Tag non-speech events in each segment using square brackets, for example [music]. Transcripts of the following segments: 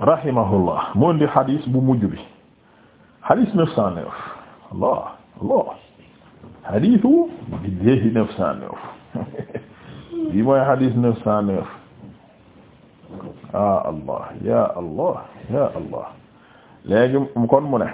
rahimahullah mu indi xadis bu mujj bi xadis neuf cent neuf Allah Allah xadisu billahi neuf cent neuf [laughs] bi mooy xadis neuf cent neuf ya Allah ya Allah ya Allah léegi kon mu ne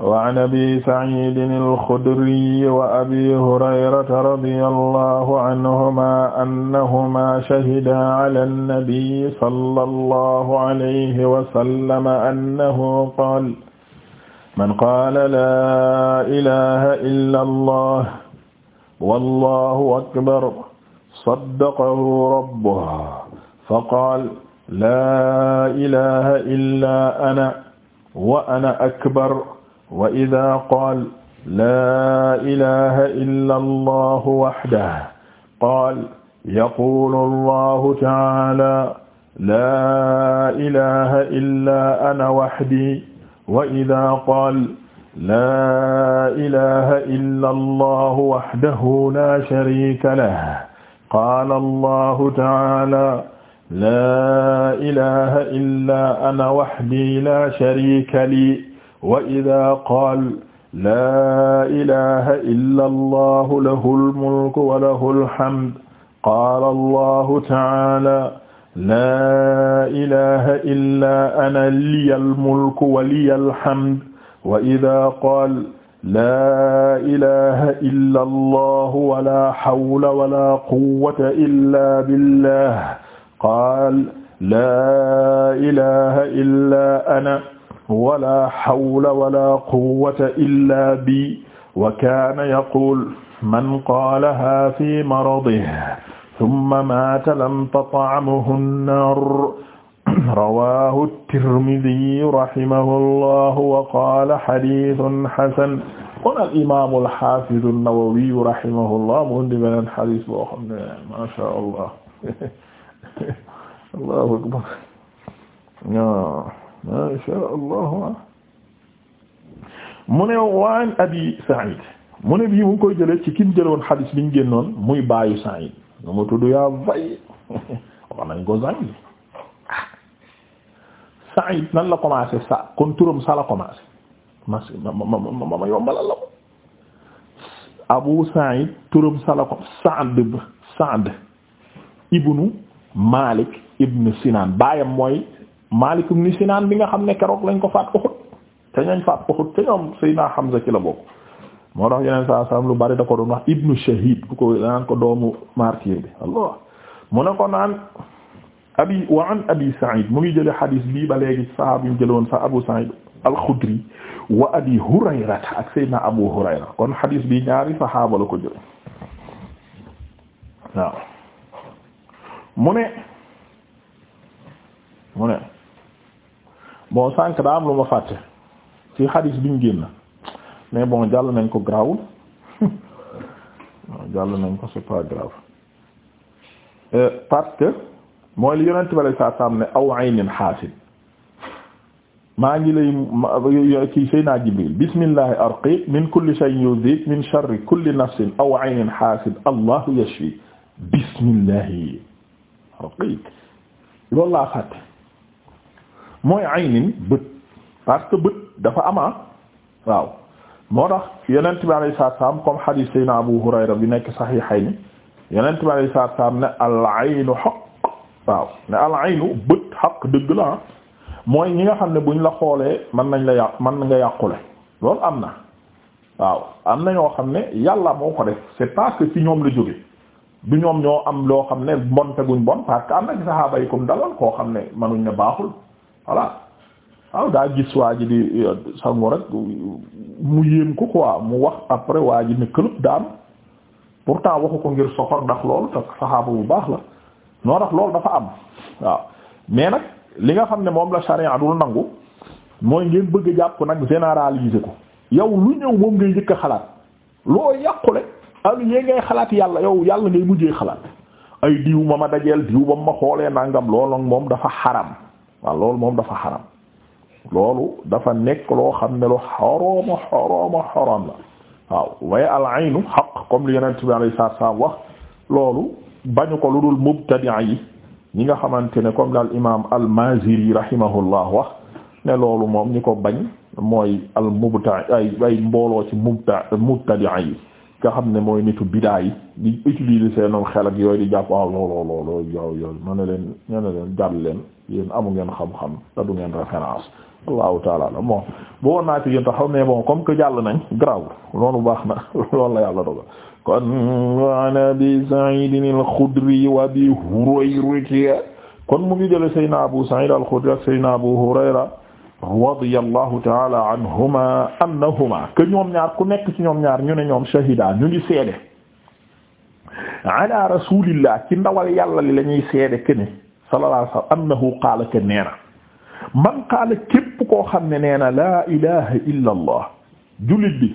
waan abi saciidin alxudriy wa abi hurayrata radiya allahu anhuma annahuma shahida ala annabiyi sallallahu alayhi wa sallam annahu qaal man qaala laa ilaha illa allah wallahu akbar saddaqahu rabbuhu faqaal laa ilaha illa ana wa ana akbar wa idaa qaala laa ilaaha illa allahu wahdahu qaala yaquulu allahu ta'aalaa laa ilaaha illaa ana wahdii wa idaa qaala laa ilaaha illa allahu wahdahu laa shariika lahu qaala allahu ta'aalaa laa ilaaha illaa ana wahdii laa shariika lii wa idaa qaala laa ilaha illa allahu lahul mulku wa lahul hamd qaala allahu ta'aala laa ilaha illa ana liyal mulku wa liyal hamd wa idaa qaala laa ilaha illa allahu wa laa hawla wa laa quwwata illa billah qaala laa ilaha illa ana wala hawla wala quwwata illa bi wa kaana yaqul man qaalaha fi maradihi thumma maata lam tat'amhu an-naar rawaahu at-Tirmidhi rahimahullahu wa qaala hadiithun hasan kon al imaam al-haafiz an-Nawawi rahimahullah mu indi beneen hadiis boo xam ne maa sha Allah [laughs] Allahu akbar ma sha Allah mu ne waan abi Sa'id mu ne bii mu ngi koy jëlee ci kim jëloon xadis bi ñu génnoon muy baayu Sa'id nu mu tudd yaa vaye wax nañ ko Sa'id Sa'id nan la commencé sa kon turam sa la commencé ma ma ma ma yombalal la ko Abu Sa'id turam sa la ko Sa'd Sa'd ibnu Malik ibnu Sinan baayam mooy Maalik ibn Sinaan bi nga xam ne keroog lañ ko faat Uhud te ñañ ñoom Seydina Hamza ci la bokk moo tax yeneen saa saam lu bari da ko doon wax ibnu shahid bu ko naan ko doomu martyr bi Allah mu ne ko naan abi wa an abi Sa'id mu ngi jële xadiis bii ba léegi sahaaba yi jële sa Abu Sa'id al-Khudri wa abi Hurayrata ak Seydina Abu Hurayra kon xadiis bi ñaari sahaaba la ko jële waaw mu ne mu ne bon sànq daa am lu ma fàtte ci xadis bi ñu génn bon jàll nañ ko grawul jàll nañ ko euh, que mooy li yonent bale saa saam ne aw aynin xaasid maa ngi lay ci Seydina Jibril bismillahi arqiik min kulli shay'in yuzik min sharri kulli nafsin aw aynin xaasid allahu yashfi bismillahi arqiik loolu laa fàtte mooy aynin bët parce bët dafa ama ah, waaw moo tax yonent bi alayhi salaatu salaam comme hadith sayna Abu Hurayra bi nekk sahihayn yonent bi alayhi salaatu salaam ne al aynu xaq waaw ne al aynu bët xaq dëgg la ah. mooy ñi nga xam ne buñ la xoolee mën nañ la yàq mën nga yàqule loolu am na waaw am na ñoo xam ne yàlla moo ko def c'est parce ci ñoom la jóge bi ñoom ñoo am loo xam ne mbonte guñ bon parce que am na saxaaba yi comme dalal koo xam ne mënuñ ne baaxul voilà waaw daa gis waa ji di euh, sangu rek mu yéem ko quoi mu wax après waa ji ne këlëb daanu pourtant waxu ko ngir soxor ndax loolu bu baax la noo tax loolu dafa am waaw mais nag li nga xam ne moom la sharia dul nangu mooy ngeen bëgg jàpp nag généraliser ko yow lu ñëw moom ngay njëkk a xalaat loo yàqule am ngay xalaat yàlla yow yàlla ngay mujjee xalaat ay diw ma ma dajeel diw ba ma xoolee nangam loolu moom dafa xaram waaw loolu moom dafa xaram loolu dafa nekk loo xam ne lu xorooma xorooma la waaw waaye al aynu xaq comme li yonent bi alayhi salaatu salaam wax loolu bañu ko lu dul mubtadi'a yi ñi nga xamante ne comme daal imaam al maziri rahimahullah wax ne loolu moom ñi ko bañ mooy al mubta ay ay mbooloo ci mubta mubtadi'a yi nga xam ne mooy nitu bidaa yi di utiliser seenom xel ak yooyu di jàpp ah looloo looloo yow yow ma ne leen ma ne leen jàll leen yéen amu ngeen xam-xam te du ngeen référence allahu taala la bon bo woon naa ci yéen taxaw mais bon comme que jàll nañ graw loolu baax na [laughs] loolu la yàlla dogal kon mu ngi jële Seydina Abu Sa'id al-Khudri ak Seydina Abu Hurayra radiyallahu taala anhuma annahuma que ñoom ñaar ku nekk ci ñoom ñaar ñu ne ñoom shahida ñu ngi seede ala rasulillah ci ndawal yàlla li lañuy ñuy seede que ne sallallahu alayhi wa sallam annahu na man qaala képp koo xam ne nee na laa ilaha illa allah bi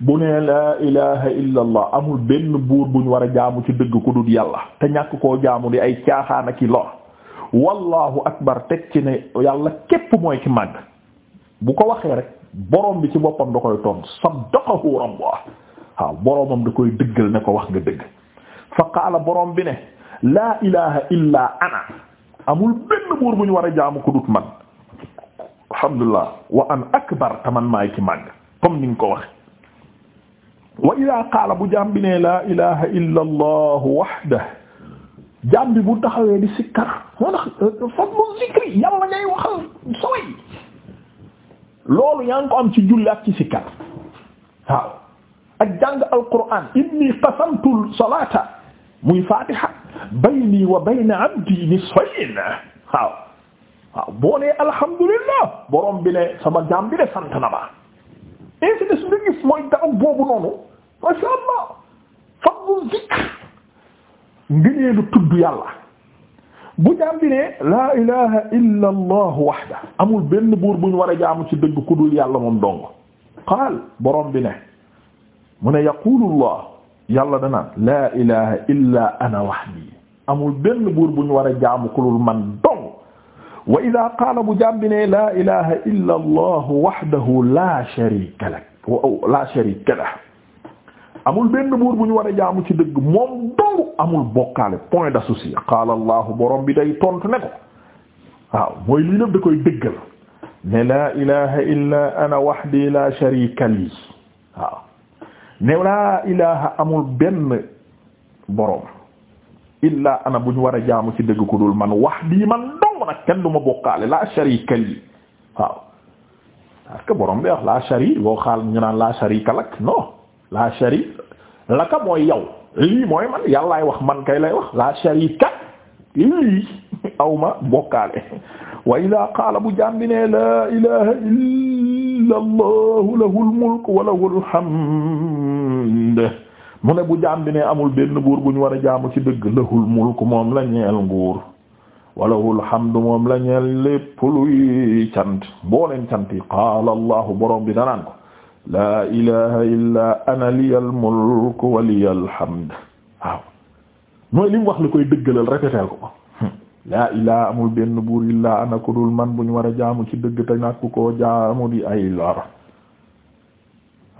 bu ne laa ilaha illa amul benn buur buñ war a jaamu ci dëgg ku dul yàlla te ñàkk koo jaamu di ay caaxaan ak i wallahu akbar teg ci ne yàlla képp mooy ki màgg bu ko waxee rek borom bi ci boppam da koy toon saddaqahu rabbah waaw boromam da koy dëggal ne ko wax nga dëgg fa qaala borom bi ne laa ilaha illa ana amul benn buur bu ñu war a jaamu ko dut man alhamdulillah wa an akbar taman maay ki màgg comme ni nga ko waxe wa ila qaala bu jaam bi ne laa ilaha illa allah wahdahu jaam bu taxawee di sikkar moo tax euh, euh, fadlu zikri yàlla ngay waxal sooy loolu yaa am ci julli ak ci sikkar waaw ak jàng alquran inni qasamtu salata muy fatiha bayni wa bayna abdi nisfayn waaw waaw boo alhamdulillah borom bi ne sama jaam bi de ma ainsi de suñu mooy daaw boobu noonu masha Allah fadlu zikr ngëneelu tudd yàlla bu jaam bi ne laa ilaha illa allah waxda amul benn buur bu ñu war a jaamu ci dëgg ku dul yàlla moom dong qaal borom bi ne mu ne yaqulu allah yàlla danaan laa ilaha illa ana waxdi amul benn buur bu ñu war a jaamu ku dul man dong wa ida qaala bu jaam bi ne laa ilaha illa allah waxdahu laa sharika lak laa sharika lah amul benn buur bu ñu war a jaamu ci dëgg moom dong amul bokkaale point d'associé qaala allahu borom bi day tontu ne ko waaw mooy lii lépp da koy dëggal ne laa ilaha illa ana wahdi la sharika li waaw ne laa ilaha amul benn borom illa ana bu ñu war a jaamu ci dëgg ku dul man wahdi man dong nag kenn du ma bokkaale la sharika li waaw parce borom bi wax la shari boo xaal ñu naan la sharika lak la sharika laka mooy yow lii mooy man yàllaay wax man kay lay wax laa sharika lii [laughs] aw ma bokkaale wa ida qaala bu jàmbi ne laa ilaha illa allahu lahul mulk wa lahul hamd mu ne bu jàmbi ne amul benn buur bu ñu war a jaamu ci dëgg lahul mulk moom la ñeel nguur wa lahul moom la ñeel lépp luy cant boo leen cant yi qaala allahu borom bi danaan ko laa ilaha illa ana liyal mulk wa hamd waaw mooy li wax la koy dëggalal répéter ko ko hmm. laa ilaha amul benn buur illaa ana ku dul man bu ñu war a jaamu ci dëgg te ñàkk koo jaamu di ay lor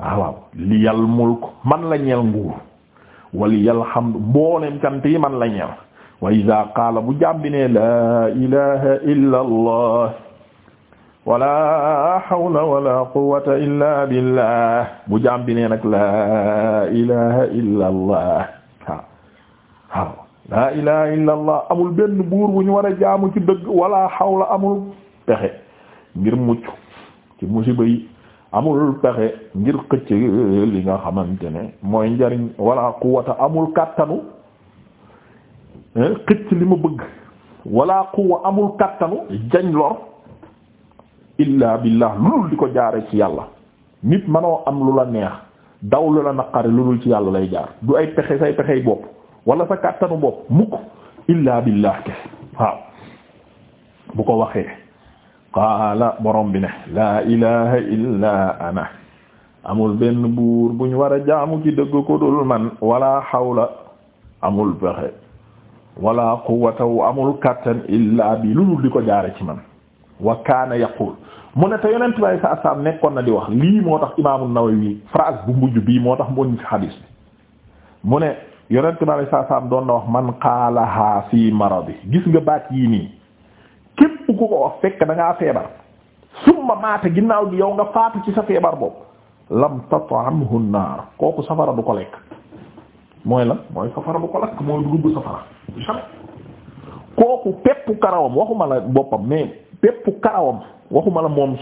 waaw liyal mulk man la ñeel nguur wa hamd mboolem cant man la ñeel wa iza qaala bu jàmbi ne laa ilaha illa allah wala hawla wala quwwata illa billah bu jaam bi nee nag laa ilaha illa allah waaw waaw amul benn buur bu ñu war a jaamu ci dëgg wala hawla amul pexe ngir mucc ci musiba yi amul pexe ngir xëcc li nga xamante ne mooy njariñ wala quwwata amul kàttanu eh, xëcc li ma bëgg walaa quwwa amul kàttanu jañ lor illa billah lulul di ko jaare ci yàlla nit manoo am lu la neex daw lu la naqari lu dul ci yàlla lay jaar du ay pexe say pexey bopp wala sa kàttanu bopp mukk illa billah kese waaw bu ko waxee qaala borom bi ne laa ilaha illa ana amul benn buur buñ war a jaamu ci dëgg ko dul man wala hawla amul pexe wala quwwata amul kàttan illa bi lu dul di ko jaare ci man wa kaana yaqul mu ne te yonent bi alayhi salaatu nekkoon na di wax lii moo tax imaamu Nawawi phrase bu mbujj bii moo tax mu indi ne yonent bi alayhi salaatu doon na wax man qaalahaa fii maradi gis nga baat yii nii képp ku ko wax fekk da feebar summa maata ginnaaw gi yow nga faatu ci sa feebar boobu lam tat'amhu naar kooku safara du ko lekk mooy la mooy safara du ko lekk mooy du dugg safara kooku pepp karawam waxuma la boppam mais. pepp karawam waxuma la moom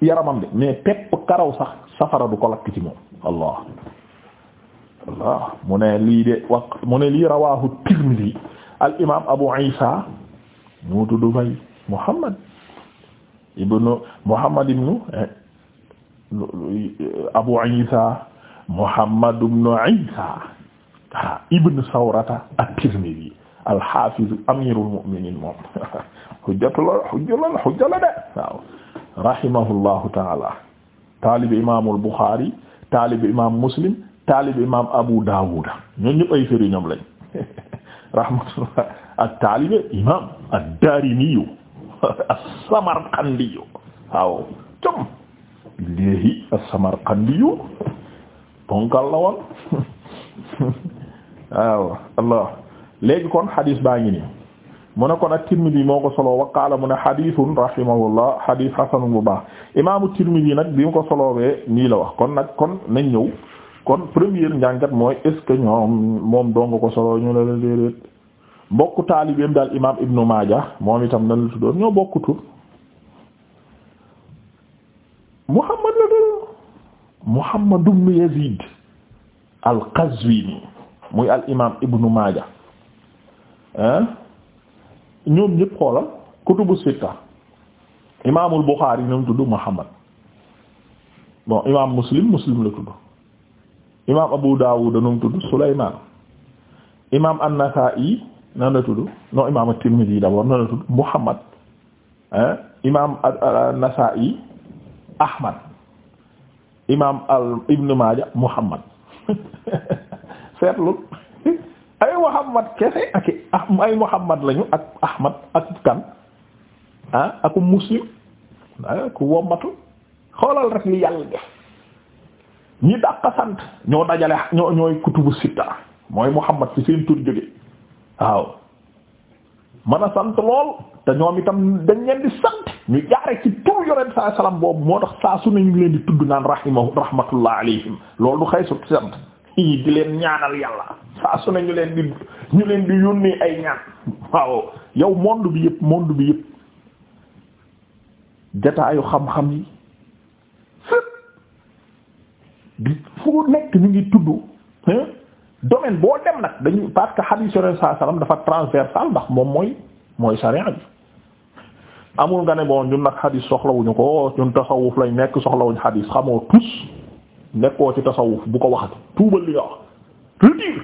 yaramam de mais pepp karaw sax safara du ko lakk moom allah mu ne lii de wax mu ne lii rawahu tirmidhi al imam abu isa mu tudd muhammad ibnu abu isa muhammad ibnu eh, isa ah, ibnu sawrata at-tirmidhi al hafiz amirul moom [laughs] xujjatu la xujja la taalib imaam Abu Dawud ñooñu ñëpp ay sëriñ ñoom lañ [laughs] rahmatullah taalib imaam ad-Daarimi [laughs] as-Samarqandi waaw jom léegi as-Samarqandi ponkal la [laughs] kon hadis baa ngi nii mu ne kon ak Tirmidi moo ko solo wa mu ne xadiisun rahimahullah xadiis xasanun bu baax imaamu Tirmidi nag bi mu ko solowee nii la wax kon nag kon nañ ñëw kon première njàngat mooy est ñoom moom dong ko solo ñu ne la déedéet mbokku taalibeem daal imaam Ibnu Maaja moom itam ñoo bokk tur Muhammad la al-Qazwini muy al imaam Ibnu Maaja ñoom ñëpp xoolal kutubu sitta imaamul Buxaari ñoom tudd Muhammad bon imaam Muslim Muslim la tudd imaam Abu Dawud ñoom tudd Sulaymaan imaam An-Nasaa'i nan la tudd imaam At-Tirmidhi d'abord nan la tudd Muhammad ah imaam An-Nasaa'i Ahmad imaam al Ibn Maaja Muhammad [laughs] seetlu ay Muhammad kese ak ay Muhammad lañu ak Ahmad ak kan ah aku muslim ah ku wommatu xoolal rek li yàlla def ñi dàq sant ñoo dajale ñoo ñooy kutubu sitta mooy Muhammad ci seen tur jóge waaw mën a sant lool te ñoom itam dañ leen di sant ñu jaare ci tur yoreen saa salaam boobu moo tax saa su ne ñu leen di tudd naan rahimahu rahmatullah alayhim loolu du xëy sant. yi di leen ñaanal yàlla saa su ne ñu leen di ñu leen di yónnee ay ñaan waaw yow monde bi yëpp monde bi yëpp jataayu xam-xam yi fu nekk ñu ngi tudd domaine boo dem nag dañu parce que hadith sallallahu alayhi dafa transversal ndax moom mooy mooy sharia bi amul nga ne bon ñun nag hadith soxlawuñu ko ñun tasawuf lañ nekk soxlawuñu hadith xamoo tous nekkoo ci tasawuf bu ko waxati tuubal li nga wax retire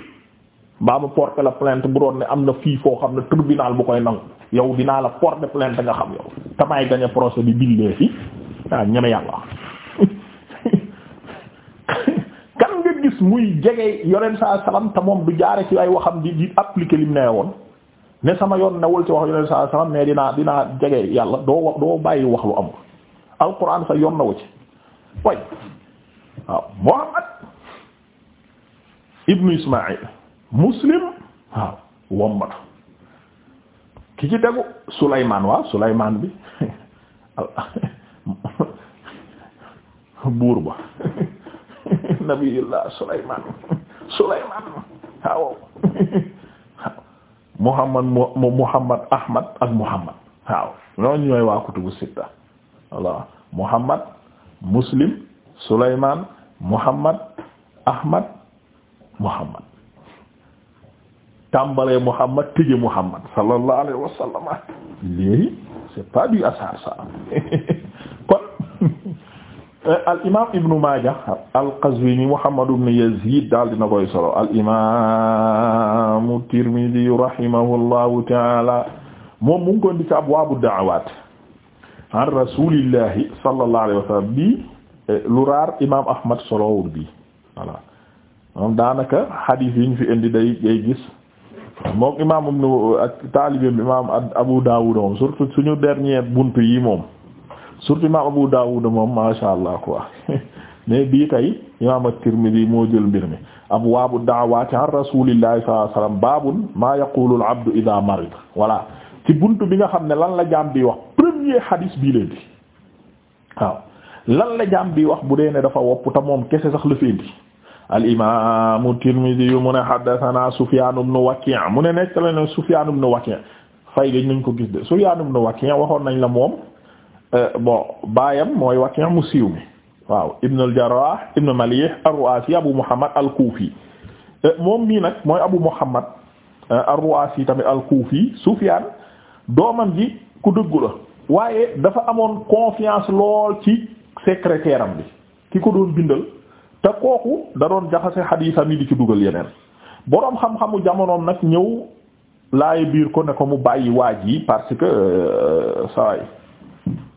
mbaa ma porter la plainte bu doon ne am na fii foo xam ne tribunal bu koy nangu yow dinaa la porter plainte nga xam yow tamaay gañe procès bi billee fi waaw ah, ñeme yàlla [laughs] kan nga gis muy jege yoneen saa salaam te moom du jaare ci ay waxam di di appliquer lim nee woon ne sama yoon newul ci wax yoneen saa salaam mais dinaa dinaa jege yàlla doo wax doo bàyyi wax lu amul alquran sa yoon na wu ci waaw Muhammad ibnu Ismaïl Muslim waaw wommatu ki ci tegu Sulaymaan waaw Sulaymaan bi [laughs] buur ba [laughs] nabiyullah Sulaymaan Sulaymaan waaw [laughs] Muhammad Muhammad Ahmad ak Muhammad waaw ñooñu ñooy waa kutubu sitta walla Muhammad Muslim Souleymane Muhammad Ahmad Muhammad tàmbalee Muhammad tëje Muhammad sallallahu alayhi wa sallam léegi c'est pas du hasard ça [laughs] kon [laughs] al imaam Ibn Majah al-Qazwini Muhammad ibn Yazid daal dina koy solo al imaamu Tirmidhi rahimahullahu ta'ala moom mu ngi koy indi ci abwaabu da'awaat an rasulillahi sallallahu alayhi wa sallam bi lu raar imaam Ahmad solowul bi voilà moom daanaka xadiis yi ñu fi indi day gis moom imaam am na ak taalibeem imaam Abu Dawud moom surtout suñu dernier bunt yi moom surtout imaam Abu Dawud moom masha Allah quoi [laughs] mais bii tey imaam at-Tirmidhi moo jël mbir mi abwaabu da'awaati an rasuulillahi sallallahu alayhi maa yaqulu al-abdu idha marida voilà ci bunt bi nga xam ne lan la jaam bi wax premier xadiis bii leen di waaw lan la jaam bi wax bu dee ne dafa wopp te moom kese sax la fi indi al imaamu Tirmidi mu ne haddathana Sufyaan ibn Waki' mu ne nekk la ne Sufyaan ibn Waki' fay gëj nañ ko gis de Sufyaan ibn Waki' waxoon nañ la moom euh, bon baayam mooy Waki' mu siiw mi waaw ibn al Jarrah ibn Malih ruaasi Abu Muhammad al-Kuufi euh, moom mii nag mooy Abu Muhammad euh, ar-Ru'aasi tamit al-Kuufi Sufyaan doomam ji ku dëggu la waaye dafa amoon confiance lool ci secrétaire am bi ki ko doon bindal te kooku da doon jaxase xadiisam yi di ci dugal yeneen boroom xam-xamu jamonoom nag ñëw laay biir ko ne ko mu bàyyi waaj yi parce que sawaay euh,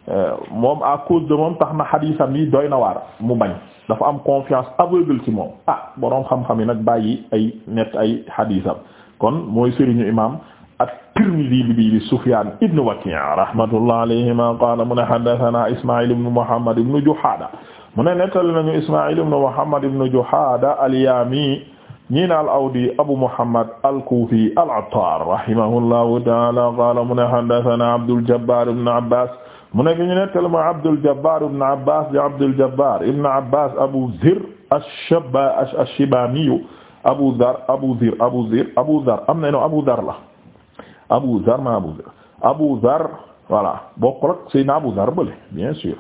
euh, moom à cause de moom tax na xadiisam yi doy na waar mu bañ dafa am confiance aveugle si moom ah boroom xam-xam yi nag bàyyi ay net ay xadiisam kon mooy sëriñu imam at-Tirmidhi bi bi Sufyan ibn Waki' rahmatullah alayhima qala mu ne haddathana Isma'il ibn Muhammad ibn Juhada mu ne nettali nañu Isma'il ibn Muhammad ibn Juhada al-Yami ñi na al-Awdi Abu Muhammad al-Kufi al-Attar rahimahullahu ta'ala qala mu ne haddathana Abdul Jabbar ibn Abbas mu ne ñu nettali ma Abdul Jabbar ibn Abbas di Abdul Jabbar ibn Abbas Abu Zir ash-Shibami Abu Dhar Abu Zir Abu Zir Abu Dhar am na no Abu Dhar la Abu Zar ma Abu Zar Abu Zar voilà bokkul ak Seydina Abu Zar bële bien sûr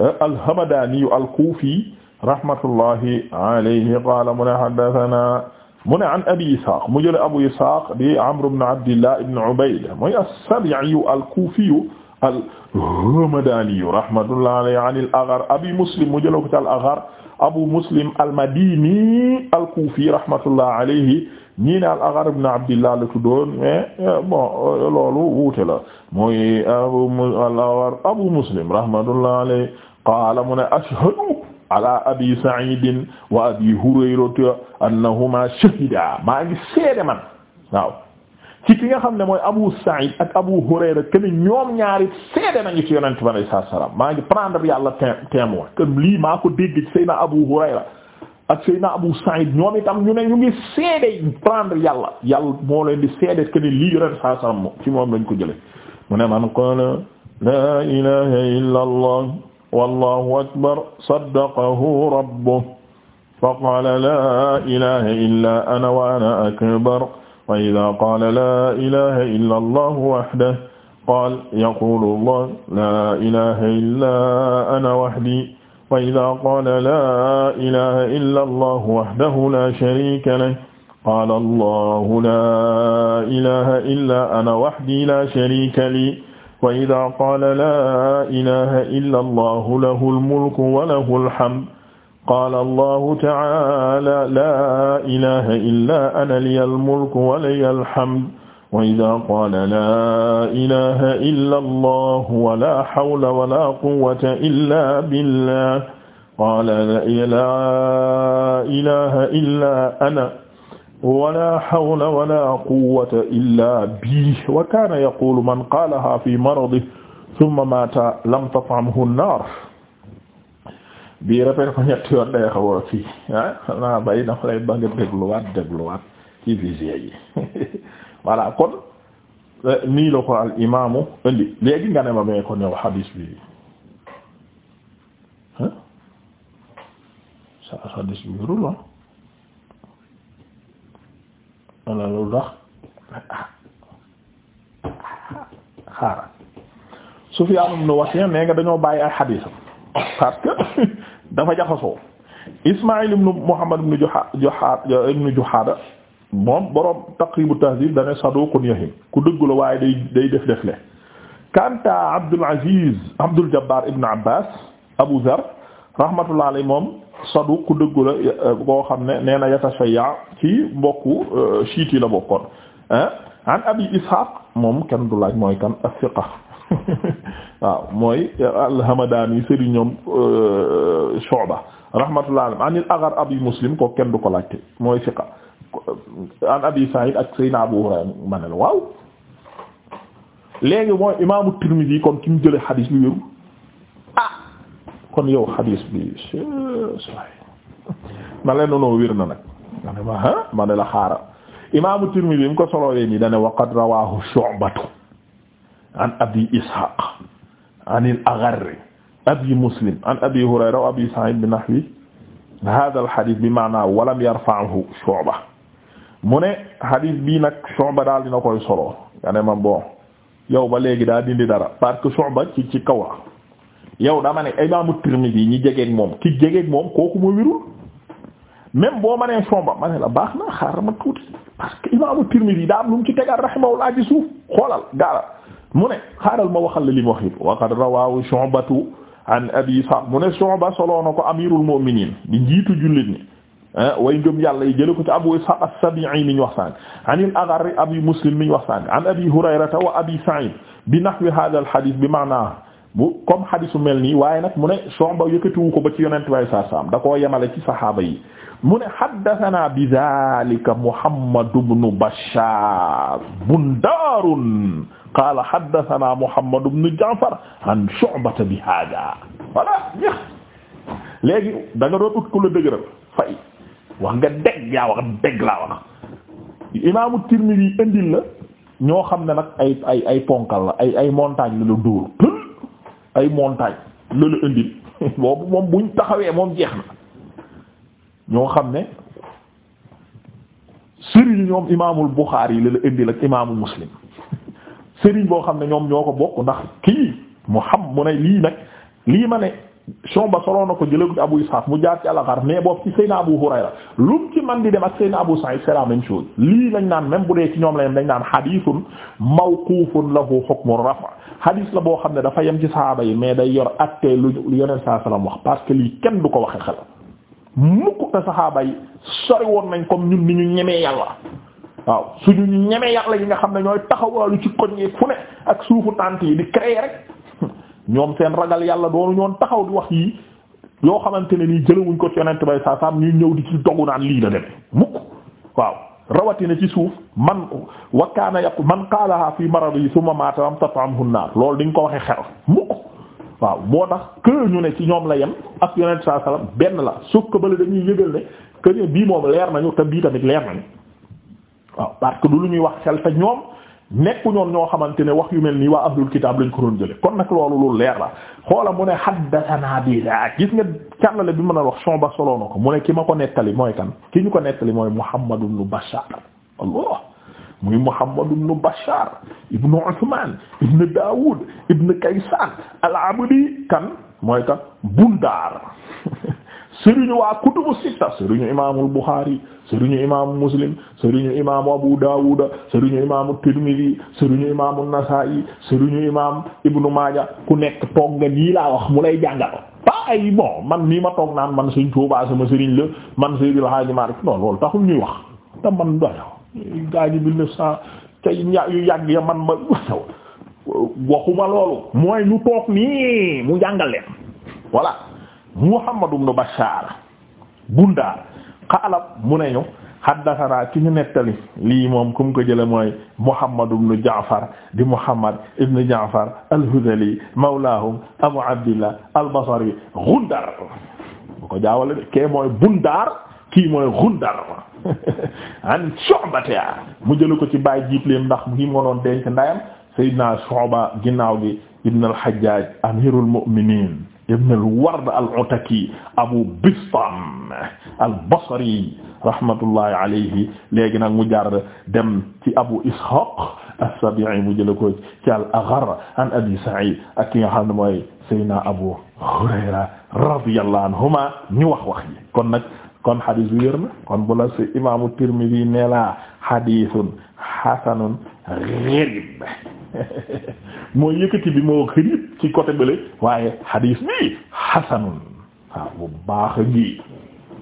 euh, al-Hamadani al-Kufi rahmatullahi alayhi qala mu ne haddathana mu ne an abi Ishaq mu jële Abu Ishaq di Amr ibn Abdillah ibn Ubayd mooy as-Sabi'i al-Kufi al-Hamadani rahmatullahi alayhi an al-Aghar abi Muslim mu jële ko ci al-Aghar Abu Muslim al-Madini al-Kufi rahmatullahi alayhi ñii ne al Agharr ibn Abdillah la tuddoon mais euh, euh, loolu wuute la mooy al Agharr Abu Muslim rahmatullah alayhi qaala mu ne ashhadu ala abi Sa'id wa abi Hurayra annahuma shahida maa seede man waaw ci ki nga xam ne mooy Abu Sa'id ak Abu Hurayra que ni ñoom ñaari seede nañu ci yonent bi sallallahu alayhi wasallam maa prendre yàlla témoin que lii maa ko dégg ci Abu Hurayra ak Seydina Abu Saïd ñoom itam ñu ne ñu ngi seede prendre yàlla yàlla moo leen di seede que ne lii yore saa saa moom ci moom lañ ko jële mu ne man qaala laa ilaaha illa allah wallahu akbar saddaqahu rabbuhu fa qaala laa ilaaha illa ana wa ana akbar wa idaa qaala laa ilaaha illa allah wahdahu qaala yaqulu allah laa ilaaha illa ana wahdi wa idaa qaala laa ilaaha illa allahu wahdahu laa shariika lahu qaala allahu laa ilaaha illaa ana wahdii laa shariika lii wa idaa qaala laa ilaaha illa allahu lahul mulku wa lahul hamdu qaala allahu ta'aalaa laa ilaaha illaa ana liyal mulku wa liyal hamdu wa idaa qaala laa ilaaha illa allah wala hawla wala quwwata illa billah qaala laa ilaaha illa ana wala hawla wala quwwata illa bii wa kaana yaquulu man qaalahaa fi maradihi summa maata lam tat'amhu an-naar bii répète ko ñetti yoon day xaw a fii ah naa bay dama lay ba nga dégluwaat dégluwaat ci visé yi [laughs] voilà kon euh, nii la ko al imaamu indi léegi nga ne ma mee kon yow xadiis bi sa xadiis bi wérul la nee nga dañoo bàyyi ay xadiisam parce [laughs] dafa jaxasoo Ismaayil ibn Muhammad ibn Juhaada ibn Juhaada moom borom taqribu tahdib dane saduqun yahim ku dëggu la waaye day day def def le kanta Abdul Aziz Abdul Jabbar ibn Abbas Abu Zar rahmatullah alayhi moom saduq ku dëggu la koo xam ne nee na yatashayya ci mbokku chiites euh, yi la bokkoon an Abi Ishaq moom kenn du laaj mooy kan as-siqa [laughs] waaw mooy al-Hamadani sëriñ ñoom euh, Shu'ba rahmatullah alayhi an al-Aghar Abi Muslim ko kenn du ko laajte mooy siqa an abi Sa'id ak waaw léegi mooy imaamu Tirmidhi kon ki mu jëlee xadiis bi ah kon yow xadiis bi say ma leen nonoo wér nag ma la xaaral imaamu Tirmidhi mu ko solowee nii dane wa rawaahu Shu'batu an abi Ishaq an al-Agharr abi Muslim an abi Hurayra wa abi Sa'id bi nahwi hadha al-hadith bi ma'na wa lam yarfa'hu Shu'ba mu ne hadith bii nag ba daal dina koy solo nga ne ma bon yow ba léegi daa dindi dara parce que ba ci ci kaw la yow dama ne imaamu yi ñi jegeeg moom ki jegeeg moom kooku ma wirul même boo ma nee ba ma ne la baax na xaaral ma tuuti parce que imaamu Tirmidhi daa am lu ci tegal rahimahullah ci suuf xoolal gaara mu ne xaaral ma waxal la li mu wax yëpp wa qad rawaahu Shu'batu an Abi Sa'd mu ne Shu'ba solo na ko amirul mu'minin di njiitu jullit ñi. Eh, way ngëm yàlla yi jële ko ci abu ishaq as-sabi'i mi ñu wax sànq an il agarri abi muslim mi ñu wax sànq an abi hurayrata wa abi sa'id bi nahwi hadha al hadith bi maana bu comme hadith u mel nii waaye nag mu ne somba yëkkatiwu ko ba ci yonent way sa saam da koo yemale ci sahaaba yi mu ne haddathana bi dhalika muhammad ibn bashar bundarun qaala haddathana muhammad ibn ja'far an shu'bata bi hadha voilà léegi da nga doon ut ku la dëgëral fay wax nga dégg yaa wax dégg laa wax imaamu Tirmidhi indil la ñoo xam ne nag ay ay ay ponkal la ay ay montagne lu la dóor ay montagne la la indil [laughs] boobu moom buñ taxawee moom jeex na ñoo xam ne sëriñ ñoom imaamul Bukhari yi la la indil ak imaamu Muslim [laughs] sëriñ boo xam ne ñoom ñoo ko bokk ndax kii mu xam mu ne lii nag lii ma ne Shu'ba soloo na ko jëlee ko Abu Ishaq mu jaar ci al mais boobu ci Seyna Abu Hurayra lum ci man di dem ak Seyna Abu Sa'id c'est la même lii lañ naan même bu dee ci ñoom la dañ naan hadithun mawqufun lahu hukmu rafa hadith la boo xam ne dafa yem ci sahaaba yi mais day yor atte lu yoneen saa salaam wax parce que lii kenn du ko waxe xel mukk te sahaaba yi sori woon nañ comme ñun ni ñu ñemee yàlla waaw suñu ñemee yàlla yi nga xam ne ñooy taxawaalu ci koñ yi fu ne ak yi di créer rek ñoom seen ragal yàlla doonu ñoon taxaw du wax yi yoo xamante ne nii jëlawuñ ko ci yonent bay saa saam ñuy ñëw di ci dogu naan lii la deme mukk waaw rawatina ci suuf man wa kaana yaqu man qaalaha fi maradi thumma maata lam tat'amhu an-naar loolu diñ ko waxee xel mukk waaw moo tax que ñu ne ci ñoom la yem ak yonent saa salaam benn la suuf ba bale dañuy yëgal ne que ne bii moom leer nañu te bii tamit leer nañu waaw parce que du lu ñuy wax xel te ñoom nekku ñoon ñoo xamante ne wax yu mel nii waa ahlul kitaab lañ ko doon jële kon nag loolu lu leer la xoola mu ne haddathana bi daa gis nga càllale bi mën a wax Shu'ba soloo na ko mu ne ki ma ko nettali mooy kan ki ñu ko nettali mooy Muhammad ibn Bashar Allah muy Muhammad ibn Bashar ibn Uthman ibn Dawud ibn Kaysan al-Abdi kan mooy kan Bundar [laughs] sëriñu waa kutubu sitta sëriñu imaamul Bukhari sëriñu imaamu Muslim sëriñu imaamu Abu Dawuda sëriñu imaamu Tirmidhi sëriñu imaamu Nasa'i sëriñu imaam Ibnu Maaja ku nekk toog nga nii laa wax mu lay jàngal pas ay bon man nii ma toog naan man Sëriñ Tuubaa la man Seydil Haaji Maalik non loolu taxul ñuy wax te man doy gaañu mille neuf cent ca yu yàgg ya man ma waxuma loolu mooy ñu toog nii mu jàngal leen Muhammad ibn Bashar Bundaar xaalab mu ne ñu ki ñu nettali lii moom ku mu ko jële mooy Muhammad ibn Ja'far di Muhammad ibn Ja'far al-Hudhali mawlaahum Abu Abdillah al Gundar ko jaawale de kee mooy Bundaar kii mooy Gundar [laughs] an Shu'bata mu jële ko ci baay jiitleem ndax mu ngi moo doon denc ndayam Seydina Shu'ba ginnaaw gi ibn al-Hajjaj amirul ibn al-Ward al-Ataki Abu Bistam al-Basri rahmatullahi alayhi léegi nag mu jaar dem ci Abu Ishaq as-Sabi'i mu jëlee ko ci al-Aghar an Abi Sa'id ak ki nga xam ne mooy Seydina Abu Hurayra radiyallahu anhuma ñu wax wax yi kon nag kon xadis bi wér na kon bu la si imaamu Tirmidhi nee laa xadisun xasanun gharib [laughs] mooy yëkkati bi moo xërit ci côté bële waaye hadis bi hasanun waaw bu baax a ngi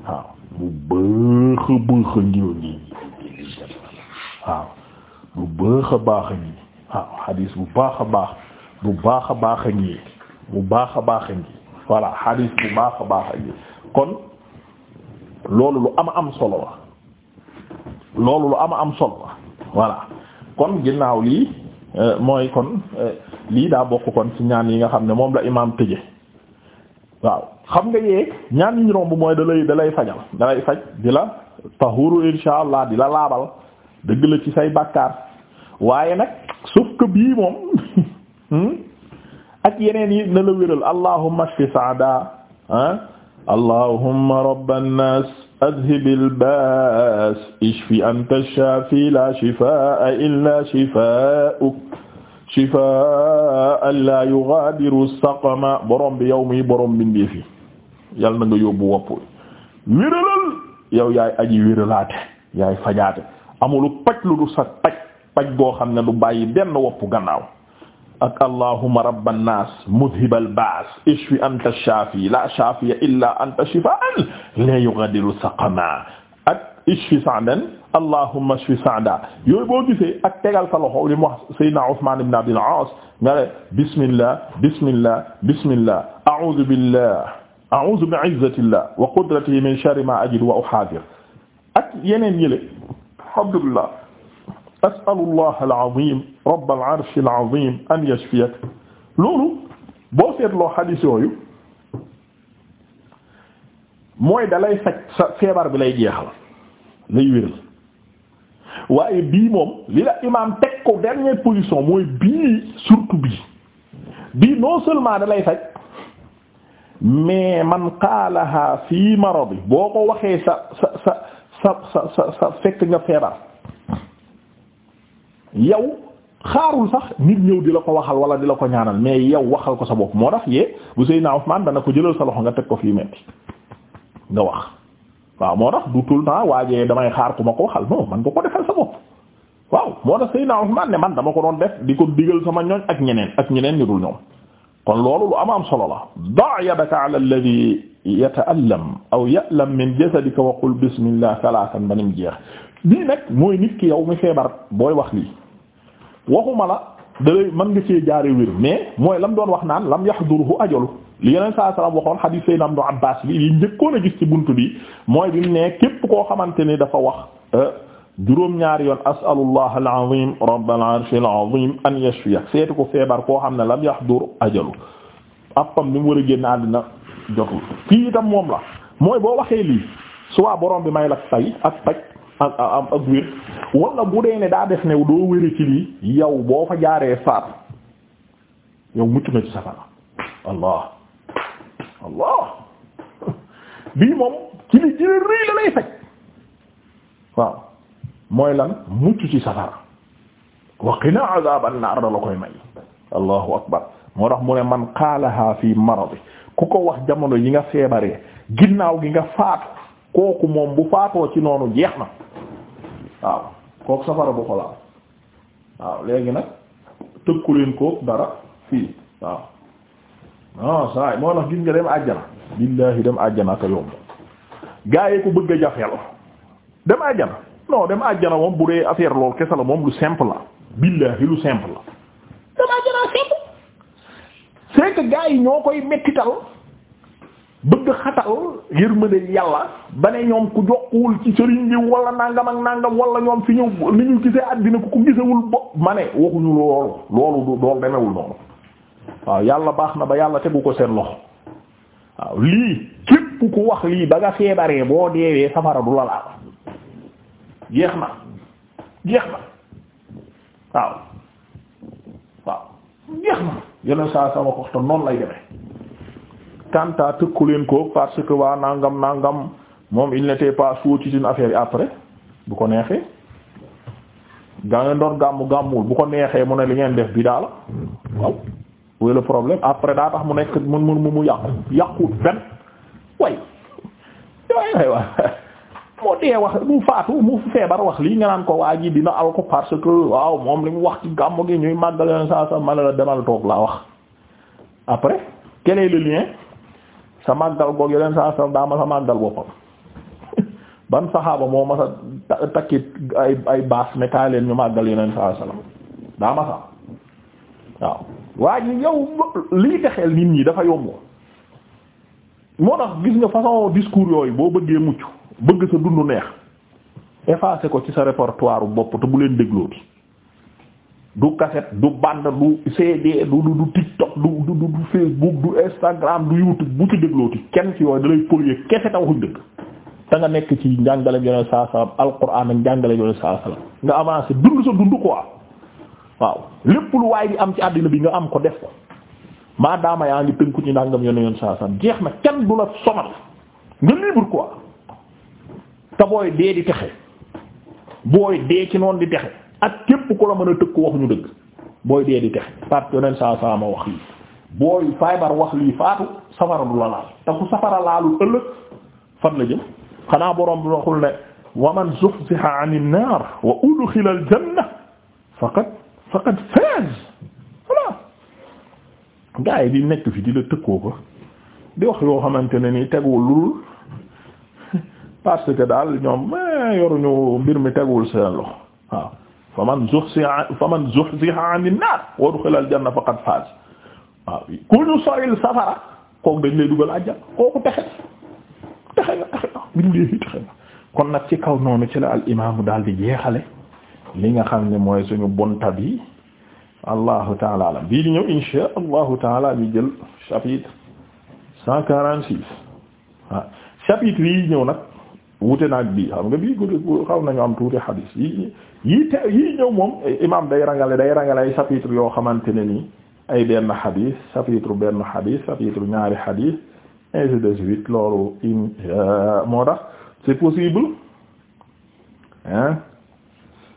waaw bu bëex a bëex a ngi waaw bu bëex a baax a ngi waaw hadis bu baax a baax bu baax a baax a ngi bu baax a baax a ngi voilà hadis bu baax a baax a ngi kon loolu lu ama am solo la loolu lu ama am solo la voilà kon ginnaaw lii Euh, mooy kon euh, lii daa bokk kon ci ñaan yi nga xam ne moom la imaam tëje waaw xam nga yee ñaan yi ñu romb mooy da lay fajal da faj di la tahuru insha allah di la laabal dëgg la ci say bàkkaar waaye nag sauf que bii moom [laughs] hmm, ak yeneen yi na la wéral allahumma shfi saada ah allahumma adhibil baas ishfi anta shaafi laa shifaa'a illaa shifaa'uk shifaa'an laa yughaadiru saqama borom bi yow mii borom bindee fi yal na nga yóbbu wopp wéralal yow yaay aji wéralaate yaay fajaate amulu paj lu sa paj paj goo xam ne du bàyyi benn woppu gannaaw ak allahumma rabban nas mudhibal ba's ishfi anta shafi la shafiya illa anta shifaan la yughadiru saqama ak ishfi sa'dan allahumma ishfi sa'da yooyu boo gisee ak tegal sa loxo li mu wax sayyidina Usman ibn Abd al-Aas nga ne bismillah bismillah bismillah a'udhu billah a'udhu bi'izzatillah wa qudratihi min sharri ma ajid wa uhadhir ak yeneen yële alhamdulillah as'alullaha al-azim rabbal arshil azim an yashfiyak loolu boo seetloo xadiis mooy dalay faj feebar bi lay jeexal lay wér la waaye bii moom li la imaam teg ko dernière position mooy bii surtout bii bii non seulement dalay faj mais man qaalaha fii maradi boo ko waxee sa sa sa sa sa fekk nga feebar yow xaarul sax nit ñëw di la ko waxal wala di la ko ñaanal mais yow waxal ko sa bopp moo tax yee bu Seydina Usmaan dana ko jëlal sa loxo nga teg ko fii metti nga wax waaw moo tax du tout le temps waajee damay xaar ku ma ko waxal non man nga ko defal sa bopp waaw moo tax Seydina Usmaan ne man dama ko doon def di ko digal sama ñoñ ak ñeneen ak ñeneen ñu dul ñoom kon loolu lu am am solo la da yadaka ala alladhi yata'allam aw ya'lam min jasadika wa qul bismillah salaatan banim jeex bii nag mooy nit ki yow mi feebar booy wax lii waxuma la dalay mën nga cee jaare wér mais mooy lam doon wax naan lam yahduruhu ajalu li yeneen saa salaam waxoon xadiis Seydina Ibnu Abbaas bi li njëkkoon a gis ci bunt bi mooy bi mu ne képp koo xamante ni dafa wax euh, juróom ñaari yoon asalullah al-azim rabbal arshil azim an yashfiyak seetu ko feebar koo xam ne lam yahdur ajalu appam ni mu war a génn àddina jotul fii itam moom la mooy boo waxee lii soit borom bi may la tay ak paj ak wér wala bu dee ne daa def ne doo wére ci lii yow boo fa jaaree faat yow mucc na ci safara allah allah [laughs] bii moom ci li jëlee rëy la lay faj waaw mooy lan mucc ci safara wa qina azaban naar la koy may allahu akbar moo tax mu ne man qaalaha fi maradi ku ko wax jamono yi nga feebaree ginnaaw gi nga faatu kooku moom bu faatoo ci noonu jeex na waaw kook safara bu ko laal waaw léegi nag tëkku leen kook dara fii waaw non saay moo tax gis nga dem àjjana billaahi dem àjjana ko yomb gaa yi ko bëgg a jafeel dem àjjana non dem àjjana moom bu dee affaire lool kese la moom lu simple la billaahi lu simple la dem àjjana simple c'est que gaa yi ñoo koy mettital bëgg xatal yërmande yàlla ba ne ñoom ku jokkuwul ci sëriñ bi wala nangam ak nangam wala ñoom fi ñu ni ñu gisee àddina ku ko gisewul bopp ma ne waxuñu loolu loolu dool demewul noonu waaw yàlla baax na ba yàlla tegu ko seen loxo waaw lii képp ku wax lii ba nga feebaree boo deewee safara du la laal jeex na jeex na waaw waaw jeex na yeneen saa sama ko te noonu lay demee kanta tëkku leen ko parce que waa nangam nangam moom il n'était pas sot ci une affaire yi après bu ko neexee gaa ngeen doon gàmmu gàmmuwul bu ko neexee mu ne li ngeen def bi daal waaw wooyu le problème après daa tax mu nekk mun mun mu mu yàqu yàqut fen way yooyu way dee wax mu faatu mu feebar wax lii nga naan ko waa ji dina aw ko parce que waaw moom li mu wax ci gàmmu gi ñuy màggal yoon saa sa mala la demal toog laa wax après quel le lien sa màggal goog yeneen saa sa daa ma sa màggal boppam [laughs] ban saxaaba moo ma sa takki ay ay baas ne kaay leen ñu màggal yeneen saa sa daa ma sa waaw waaye yow lii texeel nit ñi dafa yomb moo tax gis nga façon discours yooyu boo bëggee mucc bëgg sa dund neex effacer ko ci sa répertoire bopp te bu leen déglooti du cassette du bande du CD du du du TikTok du du Facebook du Instagram du YouTube bu ci déglooti kenn si yooyu dalay polluer kese taw xuñ dëkk te nga nekk ci njàngale bi yoneen saa salaam alquran ak njàngale bi yoneen saa nga avancé dund sa dund quoi waaw am ci àddina bi nga am ko def ko maadaama yaa ngi tënku ci nangam yone yoon saa jeex na kenn du la sonal nga libre quoi te booy dee di texe booy dee ci noonu di texe. ak képp ku la mën a tëkk ñu dëgg booy dee di texe parce que saa saa ma wax lii booy faybar wax lii faatu safara du la laal te safara laalul ëllëg fan la jëm xanaa borom bi waxul ne wa man zuhziha 'anil nar wa udkhila al janna faqad faqad faz voilà gaa di nekk fi di la tëkkoo ko di wax yoo xamante ne ni teguwul lul parce que daal ñoom eh, yoruñu mbir mi tegul seen loxo waaw faman zuhziha faman zuhziha anin nar wa dukhila al janna faqad faz waaw ku ñu soril safara kooku dañ lay dugal àjjana kooku texe texe nga texe nga bindee texe nga kon nag ci kaw noonu ci la al imaamu daal di jeexale li nga xam ne mooy suñu bonta bi allahu taala alam bii di ñëw insha allahu taala bi jël chapitre cent quarante six waaw chapitre ñëw nag wute naag bii xam nga bii guddi xaw nañu am tuuti xadis yi yii te yii ñëw moom imam day rangale day rangale ay chapitre yoo xamante ne nii ay benn xadis chapitre benn xadis chapitre ñaari xadis ainsi de suite loolu in euh, moo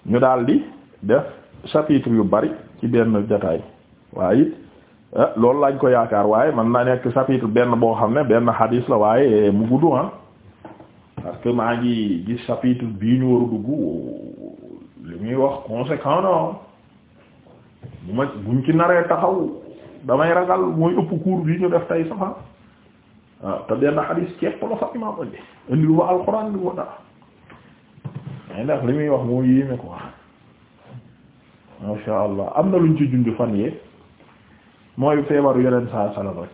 ñu daal di def chapitre yu bari ci benn jataay waaye it euh, loolu laañ ko yaakaar waaye man na nekk chapitre benn boo xam ne benn xadis la waaye mu gudd ah parce que maa ngi gis chapitre bii ñu war a li muy wax conséquent non bu ma buñ ci naree taxaw damay ragal mooy ëpp cours bii ñu def tey safa ah. waaw ah, te benn xadis ceeb la fa imaam indi indi lu ba alxuraan lu ba dara mais ndax li muy wax moo yéeme quoi masha allah am na luñ ci junj fan yee mooy feebaru yeneen saa salaam rek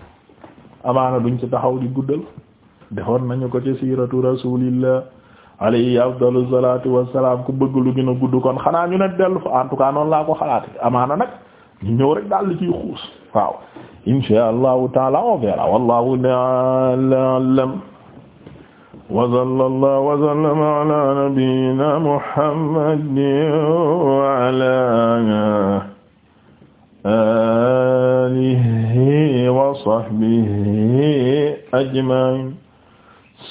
amaana duñ ci taxaw di guddal. defoon nañu ko ci siiratu rasulillah alayhi afdalu salaatu wassalaam ku bëgg lu gën a gudd kon xanaa ñu ne dellu fa en tout cas noonu laa ko xalaate amaana nag ñu ñëw rek daal li ciy xuus waaw insha allahu taala on verra wallahu ta'ala a'lam wa sallallahu wa sallama ala nabiyyina muhammadin wa ala alihi wa sahbihi ajma'in